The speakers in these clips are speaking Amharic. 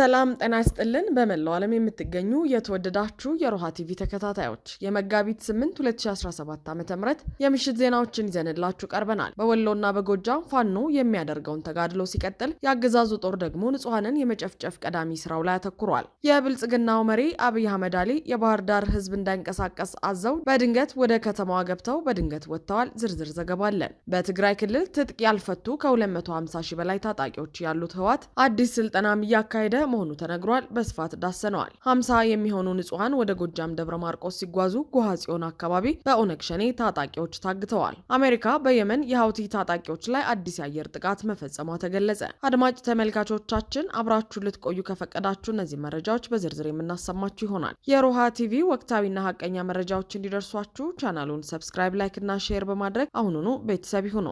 ሰላም ጤና ይስጥልን። በመላው ዓለም የምትገኙ የተወደዳችሁ የሮሃ ቲቪ ተከታታዮች የመጋቢት 8 2017 ዓ ም የምሽት ዜናዎችን ይዘንላችሁ ቀርበናል። በወሎና በጎጃም ፋኖ የሚያደርገውን ተጋድሎ ሲቀጥል፣ የአገዛዙ ጦር ደግሞ ንጹሐንን የመጨፍጨፍ ቀዳሚ ስራው ላይ አተኩሯል። የብልጽግናው መሪ አብይ አህመድ አሊ የባህር ዳር ህዝብ እንዳይንቀሳቀስ አዘው በድንገት ወደ ከተማዋ ገብተው በድንገት ወጥተዋል። ዝርዝር ዘገባ አለን። በትግራይ ክልል ትጥቅ ያልፈቱ ከ250 ሺህ በላይ ታጣቂዎች ያሉት ህወሓት አዲስ ስልጠናም እያካሄደ ስለመሆኑ ተነግሯል። በስፋት ዳሰነዋል። ሀምሳ የሚሆኑ ንጹሐን ወደ ጎጃም ደብረ ማርቆስ ሲጓዙ ጉሃ ጽዮን አካባቢ በኦነግ ሸኔ ታጣቂዎች ታግተዋል። አሜሪካ በየመን የሀውቲ ታጣቂዎች ላይ አዲስ የአየር ጥቃት መፈጸሟ ተገለጸ። አድማጭ ተመልካቾቻችን አብራችሁ ልትቆዩ ከፈቀዳችሁ እነዚህ መረጃዎች በዝርዝር የምናሰማችሁ ይሆናል። የሮሃ ቲቪ ወቅታዊና ሀቀኛ መረጃዎች እንዲደርሷችሁ ቻናሉን ሰብስክራይብ፣ ላይክ እና ሼር በማድረግ አሁኑኑ ቤተሰብ ይሁኑ።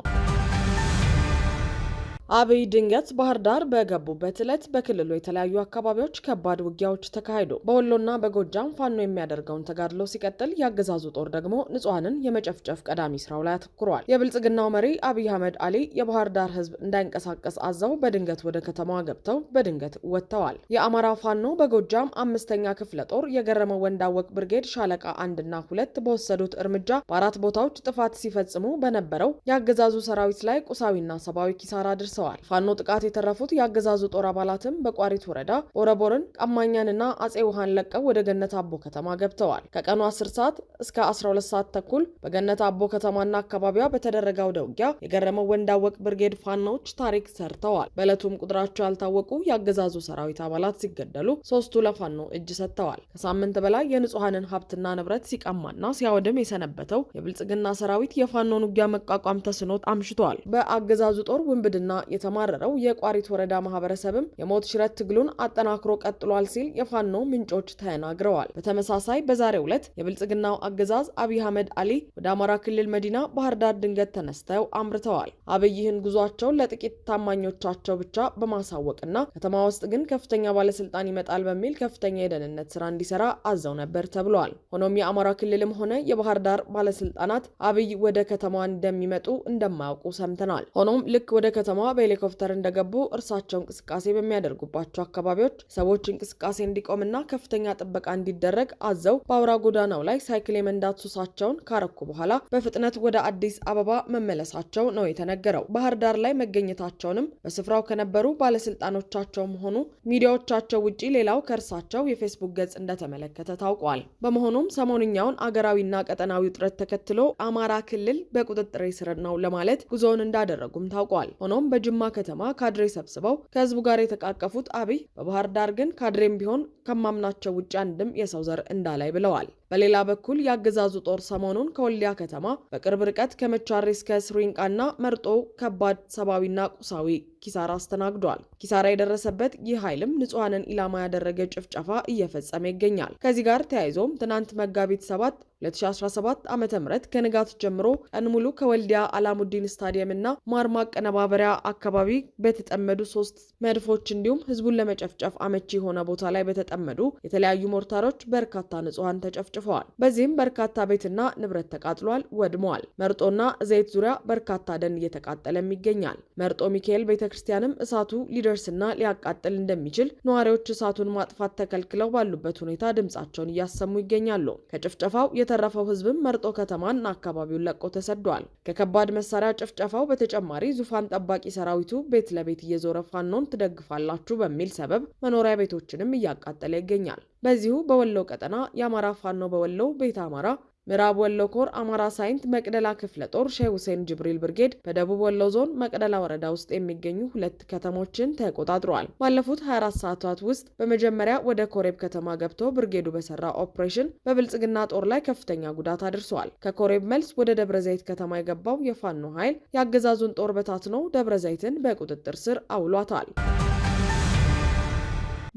አብይ ድንገት ባህር ዳር በገቡበት ዕለት በክልሉ የተለያዩ አካባቢዎች ከባድ ውጊያዎች ተካሂዱ። በወሎና በጎጃም ፋኖ የሚያደርገውን ተጋድሎ ሲቀጥል፣ ያገዛዙ ጦር ደግሞ ንጹሐንን የመጨፍጨፍ ቀዳሚ ስራው ላይ አተኩረዋል። የብልጽግናው መሪ አብይ አህመድ አሊ የባህር ዳር ህዝብ እንዳይንቀሳቀስ አዘው በድንገት ወደ ከተማዋ ገብተው በድንገት ወጥተዋል። የአማራ ፋኖ በጎጃም አምስተኛ ክፍለ ጦር የገረመው ወንዳወቅ ብርጌድ ሻለቃ አንድና ሁለት በወሰዱት እርምጃ በአራት ቦታዎች ጥፋት ሲፈጽሙ በነበረው የአገዛዙ ሰራዊት ላይ ቁሳዊና ሰብአዊ ኪሳራ ድርስ ደርሰዋል። ፋኖ ጥቃት የተረፉት የአገዛዙ ጦር አባላትም በቋሪት ወረዳ ቦረቦርን፣ ቀማኛንና አጼ ውሃን ለቀው ወደ ገነት አቦ ከተማ ገብተዋል። ከቀኑ 10 ሰዓት እስከ 12 ሰዓት ተኩል በገነት አቦ ከተማና አካባቢዋ በተደረገ አውደ ውጊያ የገረመው ወንዳወቅ ብርጌድ ፋኖዎች ታሪክ ሰርተዋል። በዕለቱም ቁጥራቸው ያልታወቁ የአገዛዙ ሰራዊት አባላት ሲገደሉ ሶስቱ ለፋኖ እጅ ሰጥተዋል። ከሳምንት በላይ የንጹሐንን ሀብትና ንብረት ሲቀማና ሲያወድም የሰነበተው የብልጽግና ሰራዊት የፋኖን ውጊያ መቋቋም ተስኖት አምሽቷል። በአገዛዙ ጦር ውንብድና የተማረረው የቋሪት ወረዳ ማህበረሰብም የሞት ሽረት ትግሉን አጠናክሮ ቀጥሏል ሲል የፋኖ ምንጮች ተናግረዋል። በተመሳሳይ በዛሬው ዕለት የብልጽግናው አገዛዝ አብይ አህመድ አሊ ወደ አማራ ክልል መዲና ባህር ዳር ድንገት ተነስተው አምርተዋል። አብይህን ጉዟቸው ለጥቂት ታማኞቻቸው ብቻ በማሳወቅና ከተማ ውስጥ ግን ከፍተኛ ባለስልጣን ይመጣል በሚል ከፍተኛ የደህንነት ስራ እንዲሰራ አዘው ነበር ተብሏል። ሆኖም የአማራ ክልልም ሆነ የባህር ዳር ባለስልጣናት አብይ ወደ ከተማ እንደሚመጡ እንደማያውቁ ሰምተናል። ሆኖም ልክ ወደ ከተማ በሄሊኮፕተር እንደገቡ እርሳቸው እንቅስቃሴ በሚያደርጉባቸው አካባቢዎች ሰዎች እንቅስቃሴ እንዲቆምና ከፍተኛ ጥበቃ እንዲደረግ አዘው በአውራ ጎዳናው ላይ ሳይክል የመንዳት ሱሳቸውን ካረኩ በኋላ በፍጥነት ወደ አዲስ አበባ መመለሳቸው ነው የተነገረው። ባህር ዳር ላይ መገኘታቸውንም በስፍራው ከነበሩ ባለስልጣኖቻቸውም ሆኑ ሚዲያዎቻቸው ውጪ ሌላው ከእርሳቸው የፌስቡክ ገጽ እንደተመለከተ ታውቋል። በመሆኑም ሰሞንኛውን አገራዊና ቀጠናዊ ውጥረት ተከትሎ አማራ ክልል በቁጥጥር ስር ነው ለማለት ጉዞውን እንዳደረጉም ታውቋል። ሆኖም በጅ በጅማ ከተማ ካድሬ ሰብስበው ከህዝቡ ጋር የተቃቀፉት አብይ በባህር ዳር ግን ካድሬም ቢሆን ከማምናቸው ውጭ አንድም የሰው ዘር እንዳላይ ብለዋል። በሌላ በኩል የአገዛዙ ጦር ሰሞኑን ከወልዲያ ከተማ በቅርብ ርቀት ከመቻሬ እስከ ስሪንቃና መርጦ ከባድ ሰብአዊና ቁሳዊ ኪሳራ አስተናግዷል። ኪሳራ የደረሰበት ይህ ኃይልም ንጹሐንን ኢላማ ያደረገ ጭፍጨፋ እየፈጸመ ይገኛል። ከዚህ ጋር ተያይዞም ትናንት መጋቢት 7 2017 ዓ ም ከንጋት ጀምሮ ቀን ሙሉ ከወልዲያ አላሙዲን ስታዲየም እና ማርማ አቀነባበሪያ አካባቢ በተጠመዱ ሶስት መድፎች እንዲሁም ህዝቡን ለመጨፍጨፍ አመቺ የሆነ ቦታ ላይ በተጠመዱ የተለያዩ ሞርታሮች በርካታ ንጹሐን ተጨፍጨ ተጨፍጭፈዋል። በዚህም በርካታ ቤትና ንብረት ተቃጥሏል፣ ወድመዋል። መርጦና ዘይት ዙሪያ በርካታ ደን እየተቃጠለም ይገኛል። መርጦ ሚካኤል ቤተ ክርስቲያንም እሳቱ ሊደርስና ሊያቃጥል እንደሚችል ነዋሪዎች እሳቱን ማጥፋት ተከልክለው ባሉበት ሁኔታ ድምጻቸውን እያሰሙ ይገኛሉ። ከጭፍጨፋው የተረፈው ህዝብም መርጦ ከተማና አካባቢውን ለቆ ተሰዷል። ከከባድ መሳሪያ ጭፍጨፋው በተጨማሪ ዙፋን ጠባቂ ሰራዊቱ ቤት ለቤት እየዞረ ፋኖን ትደግፋላችሁ በሚል ሰበብ መኖሪያ ቤቶችንም እያቃጠለ ይገኛል። በዚሁ በወሎ ቀጠና የአማራ ፋኖ በወሎ ቤተ አማራ ምዕራብ ወሎ ኮር አማራ ሳይንት መቅደላ ክፍለ ጦር ሼህ ሁሴን ጅብሪል ብርጌድ በደቡብ ወሎ ዞን መቅደላ ወረዳ ውስጥ የሚገኙ ሁለት ከተሞችን ተቆጣጥረዋል። ባለፉት 24 ሰዓታት ውስጥ በመጀመሪያ ወደ ኮሬብ ከተማ ገብቶ ብርጌዱ በሰራ ኦፕሬሽን በብልጽግና ጦር ላይ ከፍተኛ ጉዳት አድርሰዋል። ከኮሬብ መልስ ወደ ደብረ ዘይት ከተማ የገባው የፋኖ ኃይል የአገዛዙን ጦር በታትኖ ደብረ ዘይትን በቁጥጥር ስር አውሏታል።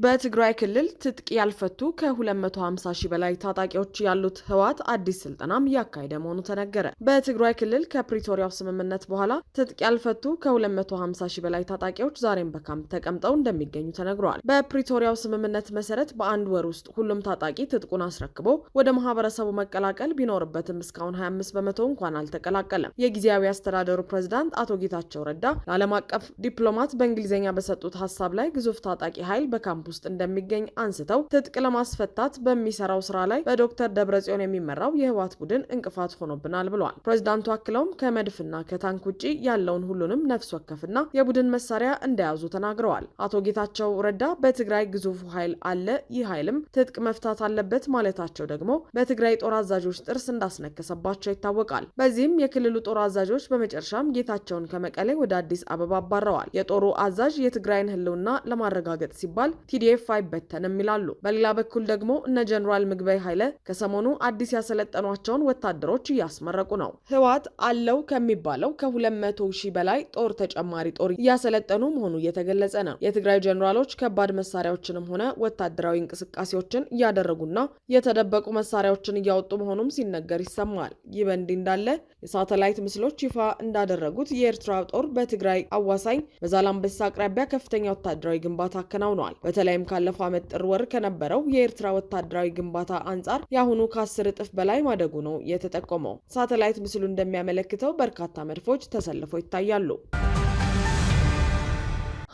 በትግራይ ክልል ትጥቅ ያልፈቱ ከ250 ሺህ በላይ ታጣቂዎች ያሉት ህወሓት አዲስ ስልጠናም ያካሄደ መሆኑ ተነገረ። በትግራይ ክልል ከፕሪቶሪያው ስምምነት በኋላ ትጥቅ ያልፈቱ ከ250 ሺህ በላይ ታጣቂዎች ዛሬም በካምፕ ተቀምጠው እንደሚገኙ ተነግረዋል። በፕሪቶሪያው ስምምነት መሰረት በአንድ ወር ውስጥ ሁሉም ታጣቂ ትጥቁን አስረክቦ ወደ ማህበረሰቡ መቀላቀል ቢኖርበትም እስካሁን 25 በመቶ እንኳን አልተቀላቀለም። የጊዜያዊ አስተዳደሩ ፕሬዝዳንት አቶ ጌታቸው ረዳ ለዓለም አቀፍ ዲፕሎማት በእንግሊዝኛ በሰጡት ሀሳብ ላይ ግዙፍ ታጣቂ ኃይል በካምፕ ውስጥ እንደሚገኝ አንስተው ትጥቅ ለማስፈታት በሚሰራው ስራ ላይ በዶክተር ደብረጽዮን የሚመራው የህወሓት ቡድን እንቅፋት ሆኖብናል ብለዋል። ፕሬዚዳንቱ አክለውም ከመድፍና ከታንክ ውጭ ያለውን ሁሉንም ነፍስ ወከፍና የቡድን መሳሪያ እንደያዙ ተናግረዋል። አቶ ጌታቸው ረዳ በትግራይ ግዙፉ ኃይል አለ፣ ይህ ኃይልም ትጥቅ መፍታት አለበት ማለታቸው ደግሞ በትግራይ ጦር አዛዦች ጥርስ እንዳስነከሰባቸው ይታወቃል። በዚህም የክልሉ ጦር አዛዦች በመጨረሻም ጌታቸውን ከመቀሌ ወደ አዲስ አበባ አባረዋል። የጦሩ አዛዥ የትግራይን ህልውና ለማረጋገጥ ሲባል ቲዲኤፍ አይበተንም ይላሉ። በሌላ በኩል ደግሞ እነ ጀኔራል ምግበይ ኃይለ ከሰሞኑ አዲስ ያሰለጠኗቸውን ወታደሮች እያስመረቁ ነው። ህወሓት አለው ከሚባለው ከ200 ሺህ በላይ ጦር ተጨማሪ ጦር እያሰለጠኑ መሆኑ እየተገለጸ ነው። የትግራይ ጀኔራሎች ከባድ መሳሪያዎችንም ሆነ ወታደራዊ እንቅስቃሴዎችን እያደረጉና የተደበቁ መሳሪያዎችን እያወጡ መሆኑም ሲነገር ይሰማል። ይህ በእንዲህ እንዳለ የሳተላይት ምስሎች ይፋ እንዳደረጉት የኤርትራ ጦር በትግራይ አዋሳኝ በዛላምበሳ አቅራቢያ ከፍተኛ ወታደራዊ ግንባታ አከናውነዋል። በተለይም ካለፈው ዓመት ጥር ወር ከነበረው የኤርትራ ወታደራዊ ግንባታ አንጻር የአሁኑ ከአስር እጥፍ በላይ ማደጉ ነው የተጠቆመው። ሳተላይት ምስሉ እንደሚያመለክተው በርካታ መድፎች ተሰልፈው ይታያሉ።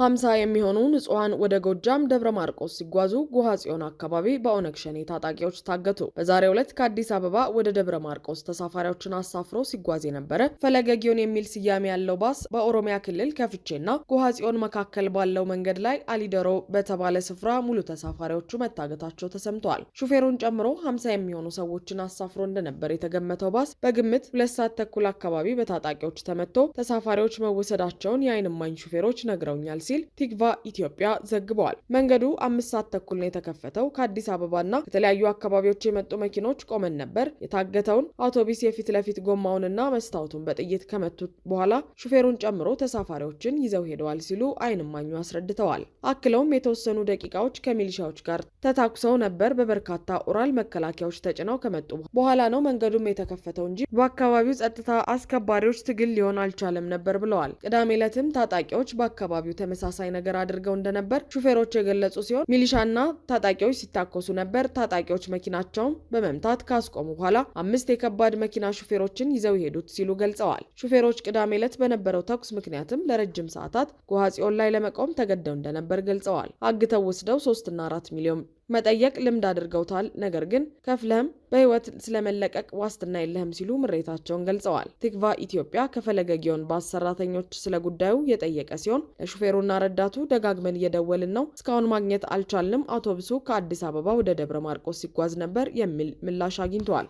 ሀምሳ የሚሆኑ ንጹሐን ወደ ጎጃም ደብረ ማርቆስ ሲጓዙ ጉሃ ጽዮን አካባቢ በኦነግ ሸኔ ታጣቂዎች ታገቱ። በዛሬው ዕለት ከአዲስ አበባ ወደ ደብረ ማርቆስ ተሳፋሪዎችን አሳፍሮ ሲጓዝ የነበረ ፈለገ ጊዮን የሚል ስያሜ ያለው ባስ በኦሮሚያ ክልል ከፍቼና ጉሃ ጽዮን መካከል ባለው መንገድ ላይ አሊደሮ በተባለ ስፍራ ሙሉ ተሳፋሪዎቹ መታገታቸው ተሰምተዋል። ሹፌሩን ጨምሮ ሀምሳ የሚሆኑ ሰዎችን አሳፍሮ እንደነበር የተገመተው ባስ በግምት ሁለት ሰዓት ተኩል አካባቢ በታጣቂዎች ተመቶ ተሳፋሪዎች መወሰዳቸውን የአይንማኝ ሹፌሮች ነግረውኛል ሲል ቲግቫ ኢትዮጵያ ዘግበዋል። መንገዱ አምስት ሰዓት ተኩል ነው የተከፈተው። ከአዲስ አበባና ከተለያዩ አካባቢዎች የመጡ መኪኖች ቆመን ነበር። የታገተውን አውቶቢስ የፊት ለፊት ጎማውንና መስታወቱን በጥይት ከመቱት በኋላ ሹፌሩን ጨምሮ ተሳፋሪዎችን ይዘው ሄደዋል ሲሉ አይንማኙ አስረድተዋል። አክለውም የተወሰኑ ደቂቃዎች ከሚሊሻዎች ጋር ተታኩሰው ነበር። በበርካታ ኦራል መከላከያዎች ተጭነው ከመጡ በኋላ ነው መንገዱም የተከፈተው እንጂ በአካባቢው ጸጥታ አስከባሪዎች ትግል ሊሆን አልቻለም ነበር ብለዋል። ቅዳሜ ዕለትም ታጣቂዎች በአካባቢው ተመ ተመሳሳይ ነገር አድርገው እንደነበር ሹፌሮች የገለጹ ሲሆን ሚሊሻና ታጣቂዎች ሲታኮሱ ነበር። ታጣቂዎች መኪናቸውን በመምታት ካስቆሙ በኋላ አምስት የከባድ መኪና ሹፌሮችን ይዘው ሄዱት ሲሉ ገልጸዋል። ሹፌሮች ቅዳሜ ዕለት በነበረው ተኩስ ምክንያትም ለረጅም ሰዓታት ጎሃ ላይ ለመቆም ተገደው እንደነበር ገልጸዋል። አግተው ወስደው ሶስትና አራት ሚሊዮን መጠየቅ ልምድ አድርገውታል። ነገር ግን ከፍለህም በህይወት ስለመለቀቅ ዋስትና የለህም ሲሉ ምሬታቸውን ገልጸዋል። ቲክቫ ኢትዮጵያ ከፈለገ ጊዮን ባስ ሰራተኞች ስለ ጉዳዩ የጠየቀ ሲሆን ለሹፌሩና ረዳቱ ደጋግመን እየደወልን ነው፣ እስካሁን ማግኘት አልቻልንም፣ አውቶቡሱ ከአዲስ አበባ ወደ ደብረ ማርቆስ ሲጓዝ ነበር የሚል ምላሽ አግኝተዋል።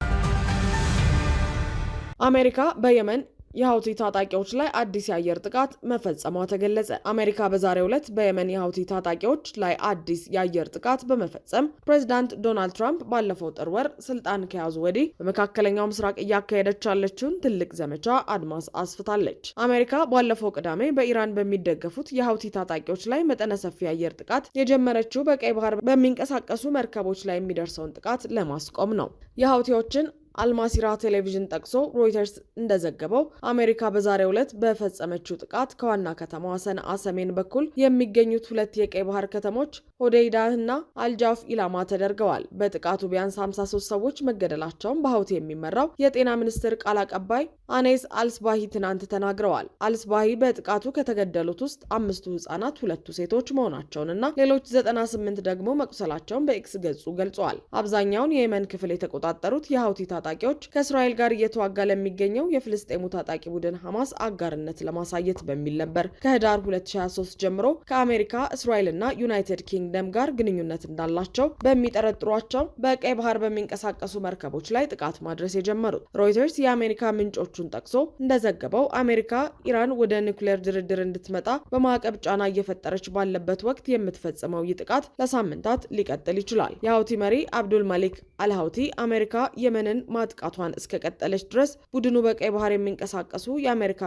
አሜሪካ በየመን የሀውቲ ታጣቂዎች ላይ አዲስ የአየር ጥቃት መፈጸሟ ተገለጸ። አሜሪካ በዛሬው ዕለት በየመን የሀውቲ ታጣቂዎች ላይ አዲስ የአየር ጥቃት በመፈጸም ፕሬዚዳንት ዶናልድ ትራምፕ ባለፈው ጥር ወር ስልጣን ከያዙ ወዲህ በመካከለኛው ምስራቅ እያካሄደች ያለችውን ትልቅ ዘመቻ አድማስ አስፍታለች። አሜሪካ ባለፈው ቅዳሜ በኢራን በሚደገፉት የሀውቲ ታጣቂዎች ላይ መጠነ ሰፊ የአየር ጥቃት የጀመረችው በቀይ ባህር በሚንቀሳቀሱ መርከቦች ላይ የሚደርሰውን ጥቃት ለማስቆም ነው። የሀውቲዎችን አልማሲራ ቴሌቪዥን ጠቅሶ ሮይተርስ እንደዘገበው አሜሪካ በዛሬው ዕለት በፈጸመችው ጥቃት ከዋና ከተማዋ ሰነአ ሰሜን በኩል የሚገኙት ሁለት የቀይ ባህር ከተሞች ሆዴይዳህና አልጃፍ ኢላማ ተደርገዋል። በጥቃቱ ቢያንስ 53 ሰዎች መገደላቸውን በሀውቲ የሚመራው የጤና ሚኒስቴር ቃል አቀባይ አኔስ አልስባሂ ትናንት ተናግረዋል። አልስባሂ በጥቃቱ ከተገደሉት ውስጥ አምስቱ ህጻናት፣ ሁለቱ ሴቶች መሆናቸውንና ሌሎች 98 ደግሞ መቁሰላቸውን በኤክስ ገጹ ገልጸዋል። አብዛኛውን የየመን ክፍል የተቆጣጠሩት የሀውቲ ታጣቂዎች ከእስራኤል ጋር እየተዋጋ ለሚገኘው የፍልስጤሙ ታጣቂ ቡድን ሐማስ አጋርነት ለማሳየት በሚል ነበር ከህዳር 2023 ጀምሮ ከአሜሪካ እስራኤልና ዩናይትድ ኪንግ ከኪንግደም ጋር ግንኙነት እንዳላቸው በሚጠረጥሯቸው በቀይ ባህር በሚንቀሳቀሱ መርከቦች ላይ ጥቃት ማድረስ የጀመሩት። ሮይተርስ የአሜሪካ ምንጮቹን ጠቅሶ እንደዘገበው አሜሪካ ኢራን ወደ ኒውክሌር ድርድር እንድትመጣ በማዕቀብ ጫና እየፈጠረች ባለበት ወቅት የምትፈጽመው ይህ ጥቃት ለሳምንታት ሊቀጥል ይችላል። የሀውቲ መሪ አብዱል ማሊክ አልሀውቲ አሜሪካ የመንን ማጥቃቷን እስከቀጠለች ድረስ ቡድኑ በቀይ ባህር የሚንቀሳቀሱ የአሜሪካ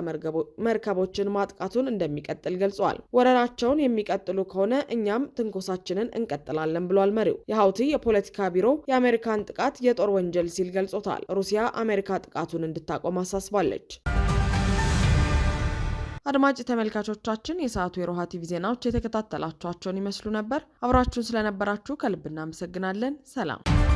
መርከቦችን ማጥቃቱን እንደሚቀጥል ገልጿል። ወረራቸውን የሚቀጥሉ ከሆነ እኛም ትንኮሳ ጥረታችንን እንቀጥላለን ብሏል መሪው። የሀውቲ የፖለቲካ ቢሮ የአሜሪካን ጥቃት የጦር ወንጀል ሲል ገልጾታል። ሩሲያ አሜሪካ ጥቃቱን እንድታቆም አሳስባለች። አድማጭ ተመልካቾቻችን የሰዓቱ የሮሃ ቲቪ ዜናዎች የተከታተላችኋቸውን ይመስሉ ነበር። አብራችሁን ስለነበራችሁ ከልብ እናመሰግናለን። ሰላም